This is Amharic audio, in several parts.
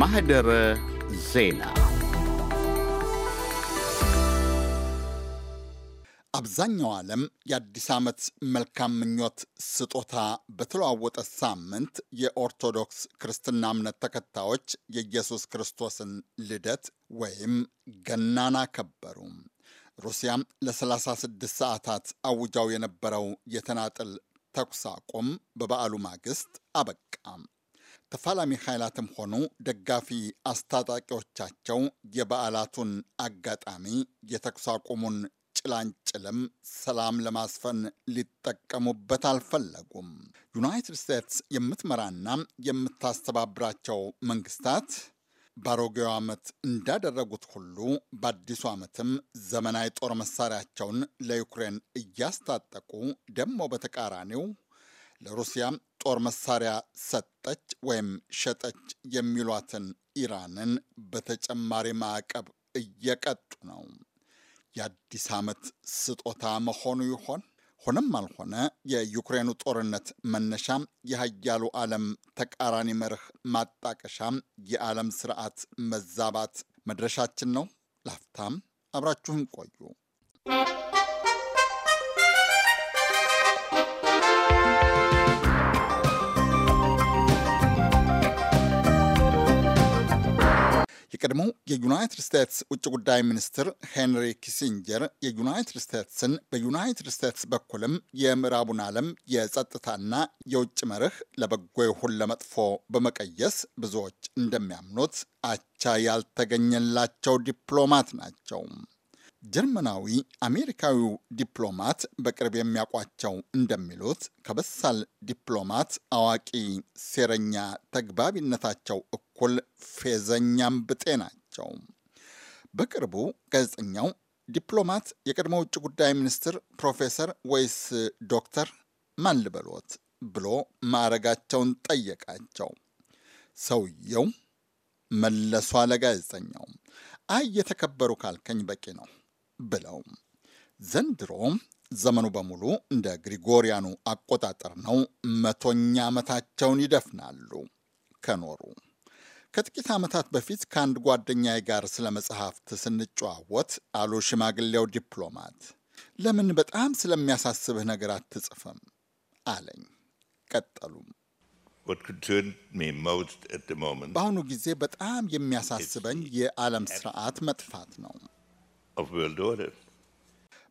ማህደረ ዜና አብዛኛው ዓለም የአዲስ ዓመት መልካም ምኞት ስጦታ በተለዋወጠ ሳምንት የኦርቶዶክስ ክርስትና እምነት ተከታዮች የኢየሱስ ክርስቶስን ልደት ወይም ገናን አከበሩ። ሩሲያም ለ36 ሰዓታት አውጃው የነበረው የተናጥል ተኩስ አቁም በበዓሉ ማግስት አበቃም። ተፋላሚ ኃይላትም ሆኑ ደጋፊ አስታጣቂዎቻቸው የበዓላቱን አጋጣሚ የተኩስ አቁሙን ጭላንጭልም ሰላም ለማስፈን ሊጠቀሙበት አልፈለጉም። ዩናይትድ ስቴትስ የምትመራና የምታስተባብራቸው መንግስታት በአሮጌው ዓመት እንዳደረጉት ሁሉ በአዲሱ ዓመትም ዘመናዊ ጦር መሳሪያቸውን ለዩክሬን እያስታጠቁ ደግሞ በተቃራኒው ለሩሲያ ጦር መሳሪያ ሰጠች ወይም ሸጠች የሚሏትን ኢራንን በተጨማሪ ማዕቀብ እየቀጡ ነው። የአዲስ ዓመት ስጦታ መሆኑ ይሆን? ሆነም አልሆነ የዩክሬኑ ጦርነት መነሻም የሀያሉ ዓለም ተቃራኒ መርህ ማጣቀሻም የዓለም ስርዓት መዛባት መድረሻችን ነው። ላፍታም አብራችሁን ቆዩ። የቀድሞው የዩናይትድ ስቴትስ ውጭ ጉዳይ ሚኒስትር ሄንሪ ኪሲንጀር የዩናይትድ ስቴትስን በዩናይትድ ስቴትስ በኩልም የምዕራቡን ዓለም የጸጥታና የውጭ መርህ ለበጎ ይሁን ለመጥፎ በመቀየስ ብዙዎች እንደሚያምኑት አቻ ያልተገኘላቸው ዲፕሎማት ናቸው። ጀርመናዊ አሜሪካዊው ዲፕሎማት በቅርብ የሚያውቋቸው እንደሚሉት ከበሳል ዲፕሎማት አዋቂ ሴረኛ ተግባቢነታቸው እኩል ፌዘኛም ብጤ ናቸው። በቅርቡ ጋዜጠኛው ዲፕሎማት የቀድሞ ውጭ ጉዳይ ሚኒስትር ፕሮፌሰር ወይስ ዶክተር ማን ልበሎት ብሎ ማዕረጋቸውን ጠየቃቸው። ሰውየው መለሷ ለጋዜጠኛው አይ የተከበሩ ካልከኝ በቂ ነው ብለው ዘንድሮ ዘመኑ በሙሉ እንደ ግሪጎሪያኑ አቆጣጠር ነው። መቶኛ ዓመታቸውን ይደፍናሉ ከኖሩ። ከጥቂት ዓመታት በፊት ከአንድ ጓደኛዬ ጋር ስለ መጽሐፍት ስንጨዋወት አሉ ሽማግሌው ዲፕሎማት፣ ለምን በጣም ስለሚያሳስብህ ነገር አትጽፍም አለኝ። ቀጠሉም በአሁኑ ጊዜ በጣም የሚያሳስበኝ የዓለም ስርዓት መጥፋት ነው። of world order።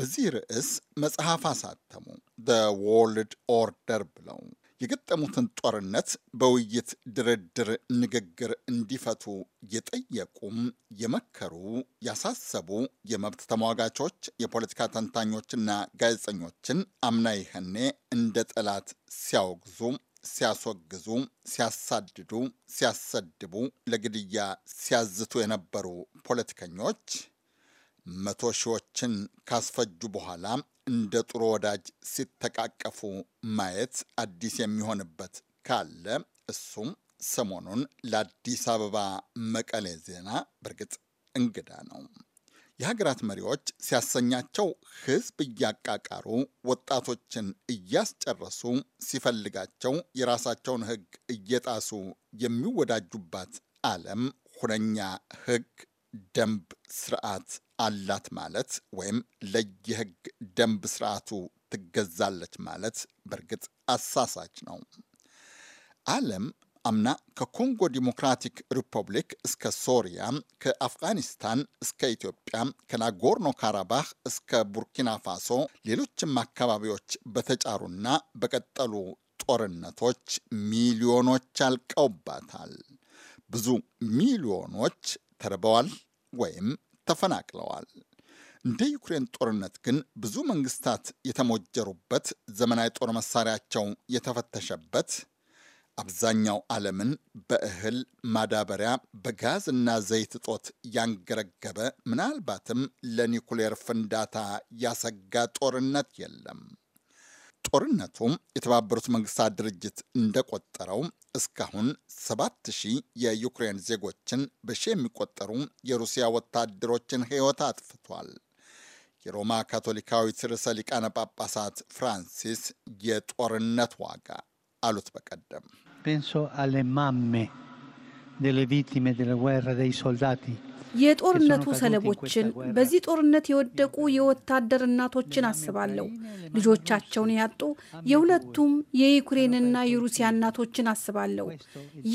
በዚህ ርዕስ መጽሐፍ አሳተሙ። ደ ወርልድ ኦርደር ብለው የገጠሙትን ጦርነት በውይይት ድርድር፣ ንግግር እንዲፈቱ የጠየቁም የመከሩ ያሳሰቡ የመብት ተሟጋቾች፣ የፖለቲካ ተንታኞችና ጋዜጠኞችን አምና ይህኔ እንደ ጠላት ሲያወግዙ ሲያስወግዙ፣ ሲያሳድዱ፣ ሲያሰድቡ፣ ለግድያ ሲያዝቱ የነበሩ ፖለቲከኞች መቶ ሺዎችን ካስፈጁ በኋላ እንደ ጥሩ ወዳጅ ሲተቃቀፉ ማየት አዲስ የሚሆንበት ካለ እሱም ሰሞኑን ለአዲስ አበባ መቀሌ ዜና በእርግጥ እንግዳ ነው። የሀገራት መሪዎች ሲያሰኛቸው ህዝብ እያቃቃሩ ወጣቶችን እያስጨረሱ ሲፈልጋቸው የራሳቸውን ህግ እየጣሱ የሚወዳጁባት ዓለም ሁነኛ ህግ። ደንብ ስርዓት አላት ማለት ወይም ለየህግ ደንብ ስርዓቱ ትገዛለች ማለት በእርግጥ አሳሳች ነው። ዓለም አምና ከኮንጎ ዲሞክራቲክ ሪፐብሊክ እስከ ሶሪያ፣ ከአፍጋኒስታን እስከ ኢትዮጵያ፣ ከናጎርኖ ካራባህ እስከ ቡርኪና ፋሶ፣ ሌሎችም አካባቢዎች በተጫሩና በቀጠሉ ጦርነቶች ሚሊዮኖች አልቀውባታል። ብዙ ሚሊዮኖች ተርበዋል ወይም ተፈናቅለዋል። እንደ ዩክሬን ጦርነት ግን ብዙ መንግስታት የተሞጀሩበት፣ ዘመናዊ ጦር መሳሪያቸው የተፈተሸበት፣ አብዛኛው ዓለምን በእህል ማዳበሪያ፣ በጋዝ እና ዘይት እጦት ያንገረገበ፣ ምናልባትም ለኒኩሌር ፍንዳታ ያሰጋ ጦርነት የለም። ጦርነቱ የተባበሩት መንግስታት ድርጅት እንደቆጠረው እስካሁን ሰባት ሺህ የዩክሬን ዜጎችን በሺ የሚቆጠሩ የሩሲያ ወታደሮችን ሕይወት አጥፍቷል። የሮማ ካቶሊካዊት ርዕሰ ሊቃነ ጳጳሳት ፍራንሲስ የጦርነት ዋጋ አሉት። በቀደም ፔንሶ አሌ ማሜ ደለ ቪቲሜ ደለ ደይ ሶልዳቲ የጦርነቱ ሰለቦችን በዚህ ጦርነት የወደቁ የወታደር እናቶችን አስባለሁ። ልጆቻቸውን ያጡ የሁለቱም የዩክሬንና የሩሲያ እናቶችን አስባለሁ።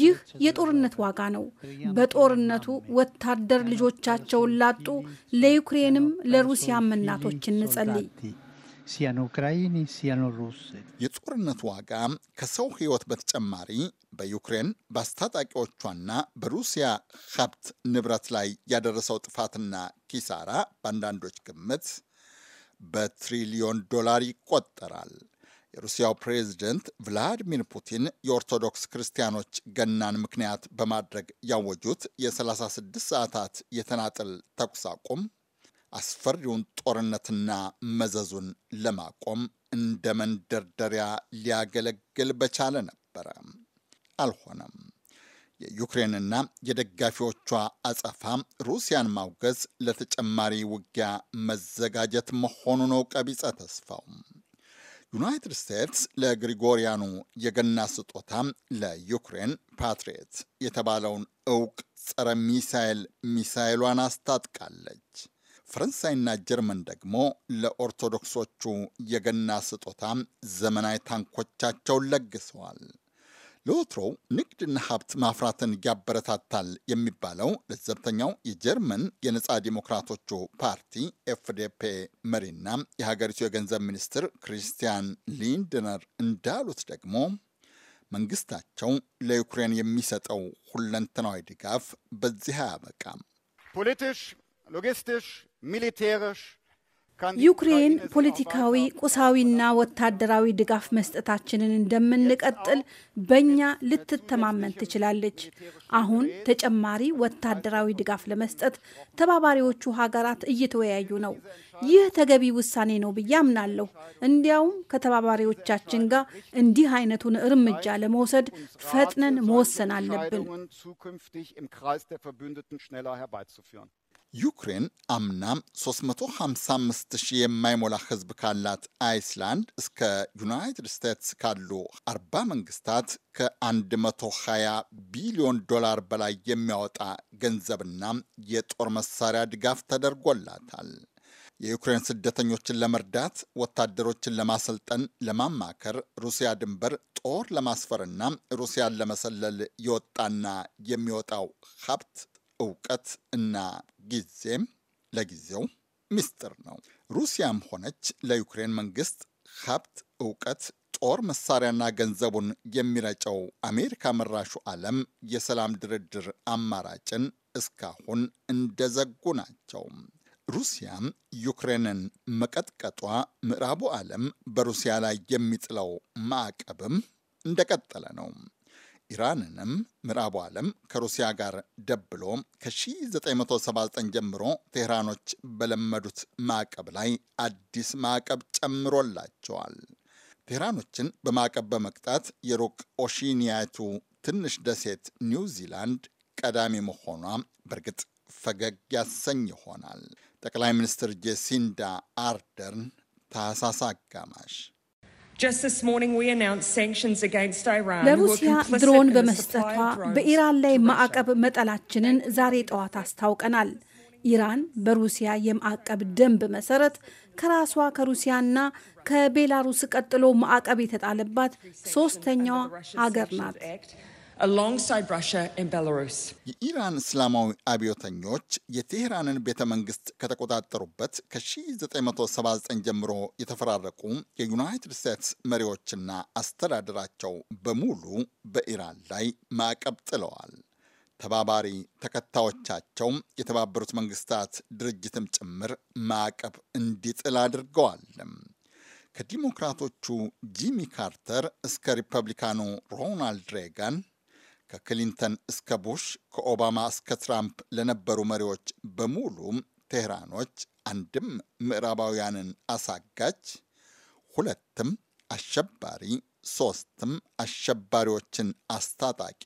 ይህ የጦርነት ዋጋ ነው። በጦርነቱ ወታደር ልጆቻቸውን ላጡ ለዩክሬንም ለሩሲያም እናቶች እንጸልይ። የጦርነቱ ዋጋ ከሰው ሕይወት በተጨማሪ በዩክሬን በአስታጣቂዎቿና በሩሲያ ሀብት ንብረት ላይ ያደረሰው ጥፋትና ኪሳራ በአንዳንዶች ግምት በትሪሊዮን ዶላር ይቆጠራል። የሩሲያው ፕሬዝደንት ቭላዲሚር ፑቲን የኦርቶዶክስ ክርስቲያኖች ገናን ምክንያት በማድረግ ያወጁት የ36 ሰዓታት የተናጥል ተኩስ አቁም አስፈሪውን ጦርነትና መዘዙን ለማቆም እንደ መንደርደሪያ ሊያገለግል በቻለ ነበረ። አልሆነም። የዩክሬንና የደጋፊዎቿ አጸፋ ሩሲያን ማውገዝ፣ ለተጨማሪ ውጊያ መዘጋጀት መሆኑ ነው ቀቢጸ ተስፋው። ዩናይትድ ስቴትስ ለግሪጎሪያኑ የገና ስጦታ ለዩክሬን ፓትሪየት የተባለውን እውቅ ጸረ ሚሳይል ሚሳይሏን አስታጥቃለች። ፈረንሳይና ጀርመን ደግሞ ለኦርቶዶክሶቹ የገና ስጦታ ዘመናዊ ታንኮቻቸውን ለግሰዋል። ለወትሮው ንግድና ሀብት ማፍራትን ያበረታታል የሚባለው ለዘብተኛው የጀርመን የነፃ ዲሞክራቶቹ ፓርቲ ኤፍዴፔ መሪና የሀገሪቱ የገንዘብ ሚኒስትር ክሪስቲያን ሊንድነር እንዳሉት ደግሞ መንግስታቸው ለዩክሬን የሚሰጠው ሁለንተናዊ ድጋፍ በዚህ አያበቃም። ፖለቲሽ ሎጊስቲሽ ዩክሬን ፖለቲካዊ ቁሳዊና ወታደራዊ ድጋፍ መስጠታችንን እንደምንቀጥል በእኛ ልትተማመን ትችላለች። አሁን ተጨማሪ ወታደራዊ ድጋፍ ለመስጠት ተባባሪዎቹ ሀገራት እየተወያዩ ነው። ይህ ተገቢ ውሳኔ ነው ብዬ አምናለሁ። እንዲያውም ከተባባሪዎቻችን ጋር እንዲህ አይነቱን እርምጃ ለመውሰድ ፈጥነን መወሰን አለብን። ዩክሬን አምናም 355000 የማይሞላ ሕዝብ ካላት አይስላንድ እስከ ዩናይትድ ስቴትስ ካሉ 40 መንግስታት ከ120 ቢሊዮን ዶላር በላይ የሚያወጣ ገንዘብና የጦር መሳሪያ ድጋፍ ተደርጎላታል። የዩክሬን ስደተኞችን ለመርዳት፣ ወታደሮችን ለማሰልጠን፣ ለማማከር ሩሲያ ድንበር ጦር ለማስፈርና ሩሲያን ለመሰለል የወጣና የሚወጣው ሀብት እውቀት እና ጊዜም ለጊዜው ምስጢር ነው። ሩሲያም ሆነች ለዩክሬን መንግስት ሀብት፣ እውቀት፣ ጦር መሳሪያና ገንዘቡን የሚረጨው አሜሪካ መራሹ ዓለም የሰላም ድርድር አማራጭን እስካሁን እንደዘጉ ናቸው። ሩሲያም ዩክሬንን መቀጥቀጧ ምዕራቡ ዓለም በሩሲያ ላይ የሚጥለው ማዕቀብም እንደቀጠለ ነው። ኢራንንም ምዕራቡ ዓለም ከሩሲያ ጋር ደብሎ ከ1979 ጀምሮ ቴህራኖች በለመዱት ማዕቀብ ላይ አዲስ ማዕቀብ ጨምሮላቸዋል። ቴህራኖችን በማዕቀብ በመቅጣት የሩቅ ኦሺኒያቱ ትንሽ ደሴት ኒውዚላንድ ቀዳሚ መሆኗ በእርግጥ ፈገግ ያሰኝ ይሆናል። ጠቅላይ ሚኒስትር ጄሲንዳ አርደርን ታህሳስ አጋማሽ ለሩሲያ ድሮን በመስጠቷ በኢራን ላይ ማዕቀብ መጠላችንን ዛሬ ጠዋት አስታውቀናል። ኢራን በሩሲያ የማዕቀብ ደንብ መሰረት ከራሷ ከሩሲያና ከቤላሩስ ቀጥሎ ማዕቀብ የተጣለባት ሶስተኛዋ አገር ናት። የኢራን እስላማዊ አብዮተኞች የቴህራንን ቤተ መንግስት ከተቆጣጠሩበት ከ1979 ጀምሮ የተፈራረቁ የዩናይትድ ስቴትስ መሪዎችና አስተዳደራቸው በሙሉ በኢራን ላይ ማዕቀብ ጥለዋል። ተባባሪ ተከታዮቻቸው የተባበሩት መንግስታት ድርጅትም ጭምር ማዕቀብ እንዲጥል አድርገዋል። ከዲሞክራቶቹ ጂሚ ካርተር እስከ ሪፐብሊካኑ ሮናልድ ሬጋን ከክሊንተን እስከ ቡሽ ከኦባማ እስከ ትራምፕ ለነበሩ መሪዎች በሙሉ ቴህራኖች አንድም ምዕራባውያንን አሳጋጅ፣ ሁለትም አሸባሪ፣ ሶስትም አሸባሪዎችን አስታጣቂ፣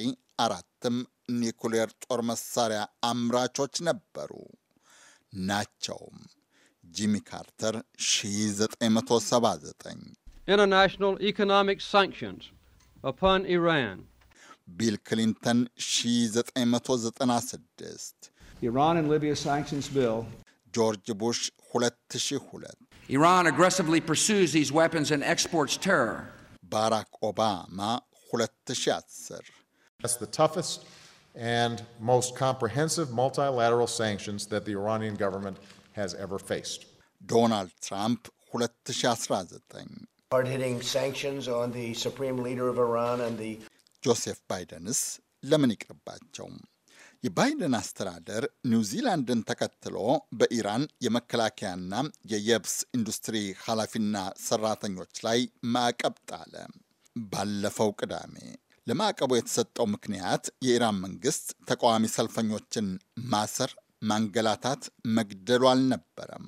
አራትም ኒኩሌር ጦር መሳሪያ አምራቾች ነበሩ ናቸውም። ጂሚ ካርተር 1979 ኢንተርናሽናል ኢኮኖሚክ ሳንክሽንስ ኦፖን ኢራን ቢል ክሊንተን 1996 ኢራን and Libya sanctions bill ጆርጅ ቡሽ 2002 ኢራን aggressively pursues these weapons and exports terror ባራክ ኦባማ 2010 That's the toughest and most comprehensive multilateral sanctions that the Iranian government has ever faced. Donald Trump 2019 hard hitting sanctions on the supreme leader of Iran and the ጆሴፍ ባይደንስ ለምን ይቅርባቸው? የባይደን አስተዳደር ኒውዚላንድን ተከትሎ በኢራን የመከላከያና የየብስ ኢንዱስትሪ ኃላፊና ሰራተኞች ላይ ማዕቀብ ጣለ። ባለፈው ቅዳሜ ለማዕቀቡ የተሰጠው ምክንያት የኢራን መንግስት ተቃዋሚ ሰልፈኞችን ማሰር፣ ማንገላታት፣ መግደሉ አልነበረም።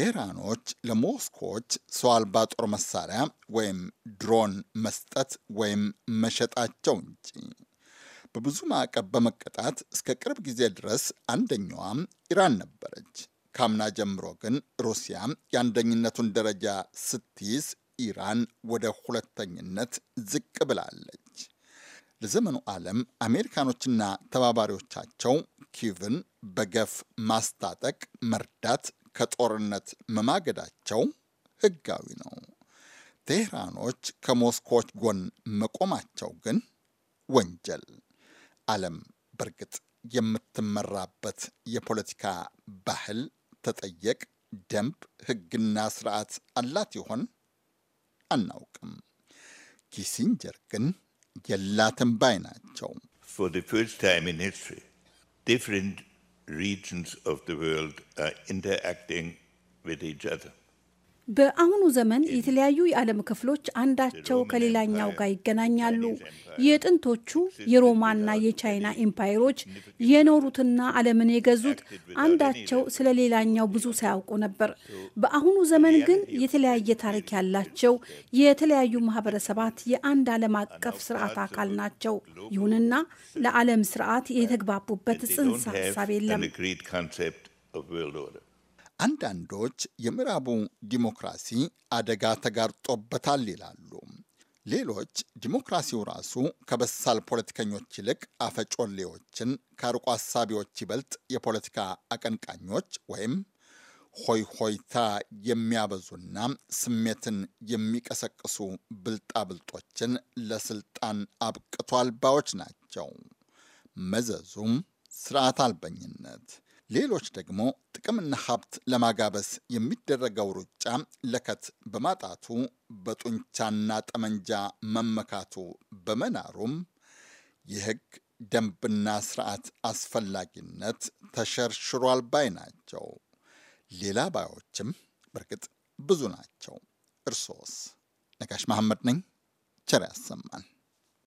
ቴህራኖች ለሞስኮዎች ሰው አልባ ጦር መሳሪያ ወይም ድሮን መስጠት ወይም መሸጣቸው እንጂ በብዙ ማዕቀብ በመቀጣት እስከ ቅርብ ጊዜ ድረስ አንደኛዋም ኢራን ነበረች። ካምና ጀምሮ ግን ሩሲያ የአንደኝነቱን ደረጃ ስትይዝ ኢራን ወደ ሁለተኝነት ዝቅ ብላለች። ለዘመኑ ዓለም አሜሪካኖችና ተባባሪዎቻቸው ኪቭን በገፍ ማስታጠቅ፣ መርዳት፣ ከጦርነት መማገዳቸው ህጋዊ ነው። ቴህራኖች ከሞስኮዎች ጎን መቆማቸው ግን ወንጀል። ዓለም በእርግጥ የምትመራበት የፖለቲካ ባህል ተጠየቅ፣ ደንብ፣ ህግና ስርዓት አላት ይሆን? አናውቅም። ኪሲንጀር ግን የላትም ባይ ናቸው። ፎር ዘ ፈርስት ታይም ኢን ሂስትሪ ዲፍረንት regions of the world are interacting with each other. በአሁኑ ዘመን የተለያዩ የዓለም ክፍሎች አንዳቸው ከሌላኛው ጋር ይገናኛሉ። የጥንቶቹ የሮማና የቻይና ኤምፓየሮች የኖሩትና ዓለምን የገዙት አንዳቸው ስለ ሌላኛው ብዙ ሳያውቁ ነበር። በአሁኑ ዘመን ግን የተለያየ ታሪክ ያላቸው የተለያዩ ማህበረሰባት የአንድ ዓለም አቀፍ ስርዓት አካል ናቸው። ይሁንና ለዓለም ስርዓት የተግባቡበት ጽንሰ ሀሳብ የለም። አንዳንዶች የምዕራቡ ዲሞክራሲ አደጋ ተጋርጦበታል ይላሉ። ሌሎች ዲሞክራሲው ራሱ ከበሳል ፖለቲከኞች ይልቅ አፈጮሌዎችን ከአርቆ ሀሳቢዎች ይበልጥ የፖለቲካ አቀንቃኞች ወይም ሆይ ሆይታ የሚያበዙና ስሜትን የሚቀሰቅሱ ብልጣብልጦችን ለስልጣን አብቅቷል አልባዎች ናቸው። መዘዙም ስርዓት አልበኝነት ሌሎች ደግሞ ጥቅምና ሀብት ለማጋበስ የሚደረገው ሩጫ ለከት በማጣቱ በጡንቻና ጠመንጃ መመካቱ በመናሩም የህግ ደንብና ስርዓት አስፈላጊነት ተሸርሽሯል ባይ ናቸው። ሌላ ባዮችም በእርግጥ ብዙ ናቸው። እርሶስ? ነጋሽ መሐመድ ነኝ። ቸር ያሰማን።